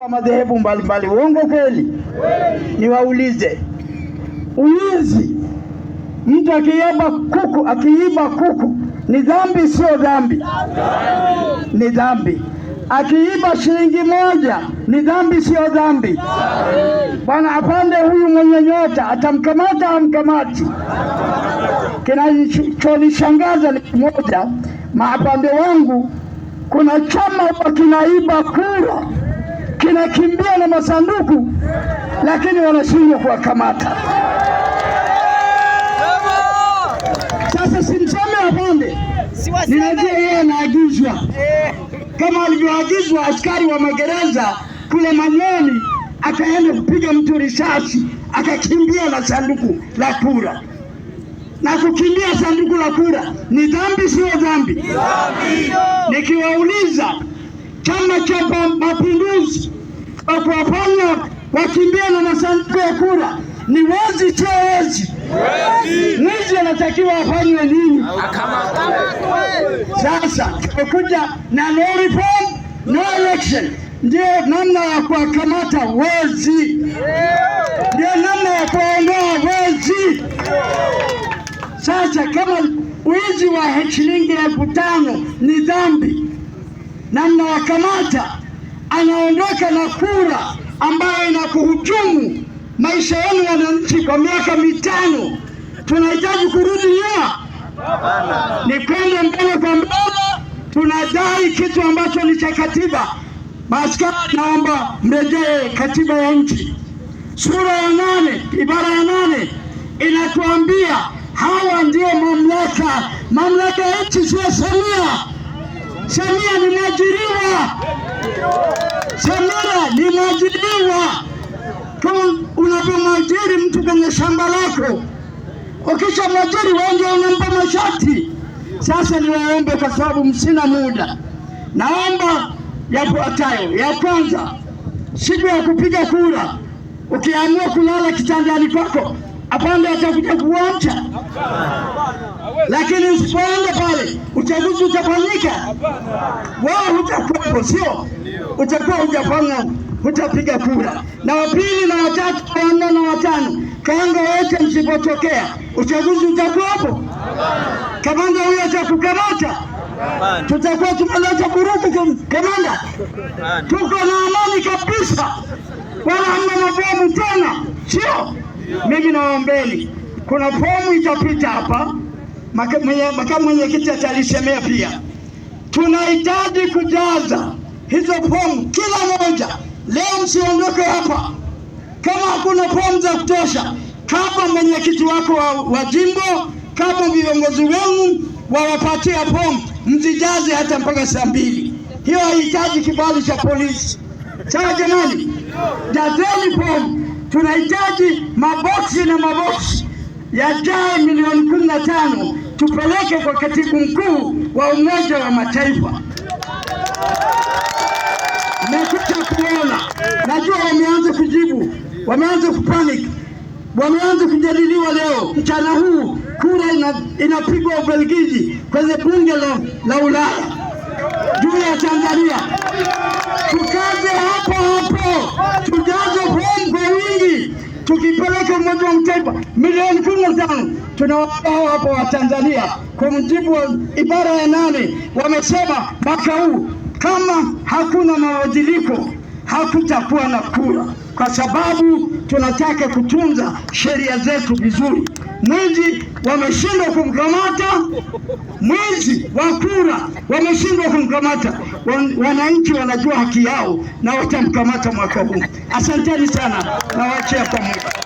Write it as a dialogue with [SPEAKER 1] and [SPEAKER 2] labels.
[SPEAKER 1] wa madhehebu mbalimbali, uongo kweli? Niwaulize, uizi mtu akiiba kuku, akiiba kuku ni dhambi? Sio dhambi? Ni dhambi. Akiiba shilingi moja ni dhambi? Sio dhambi? Bwana apande huyu mwenye nyota, atamkamata amkamati? Kinachonishangaza ni moja maapande wangu, kuna chama kinaiba kura kinakimbia na masanduku, lakini wanashindwa kuwakamata. Sasa simseme bonde, ninajua yeye anaagizwa kama alivyoagizwa askari wa magereza kule Manyoni, akaenda kupiga mtu risasi, akakimbia na sanduku la kura na kukimbia sanduku la kura ni dhambi, sio dhambi? Nikiwauliza Chama cha Mapinduzi kuwaponya wakimbia na masanduku ya kura ni wezi cha wezi. Mwizi anatakiwa afanywe nini? Sasa tumekuja na no reform no election, ndio namna ya kuwakamata wezi, ndio namna ya kuwaondoa wezi. Sasa kama wizi wa shilingi elfu tano ni dhambi na wakamata anaondoka na kura ambayo inakuhujumu maisha yenu wananchi kwa miaka mitano. Tunahitaji kurudi nyuma, ni kwenda mbele kwa mbele. Tunadai kitu ambacho ni cha katiba. Maaskari, naomba mrejee katiba ya nchi, sura ya nane ibara ya nane inatuambia hawa ndio mamlaka. Mamlaka ya nchi sio Samia. Samia ni mwajiriwa. Shamba kama Unapomwajiri mtu kwenye shamba lako, ukisha mwajiri wengi unampa mashati. Sasa niwaombe, kwa sababu msina muda, naomba yafuatayo. Ya kwanza, siku ya kupiga kura, ukiamua kulala kitandani kwako apande atakuja kuwacha, lakini usipoende pale uchaguzi utafanyika, wao hutakuwepo, sio utakuwa hujapanga hutapiga kura, na wapili na watatu na wanne na watano Kaanga wote msipotokea, uchaguzi utakuwepo. Kamanda huyo atakukamata, tutakuwa tumeleta burugu. Kamanda, tuko na amani kabisa, wala hamna mabomu tena, sio mimi nawaombeni, kuna fomu itapita hapa, makamu mwenyekiti atalisemea pia. Tunahitaji kujaza hizo fomu kila moja leo, msiondoke hapa kama hakuna fomu za kutosha. Kama mwenyekiti wako wa, wa jimbo, kama viongozi wenu wawapatia fomu, mzijaze hata mpaka saa mbili. Hiyo haihitaji kibali cha polisi. Sawa jamani, jazeni fomu tunahitaji maboksi na maboksi yajae milioni kumi na tano tupeleke kwa katibu mkuu wa Umoja wa Mataifa. Mekuja kuona, najua wameanza kujibu, wameanza kupanic, wameanza kujadiliwa. Leo mchana huu kura inapigwa ina Ubelgiji kwenye bunge la, la Ulaya juu ya Tanzania. Tukaze hapo hapo tujaze tukipeleka Umoja wa mtaifa milioni kumi na tano hao hapo wa Tanzania kwa mujibu wa ibara ya nane wamesema mwaka huu kama hakuna mabadiliko hakutakuwa na kura, kwa sababu tunataka kutunza sheria zetu vizuri. Mwizi wameshindwa kumkamata mwizi wa kura wameshindwa kumkamata. Wananchi wanajua haki yao na watamkamata mwaka huu. Asanteni sana na waachia pamoja.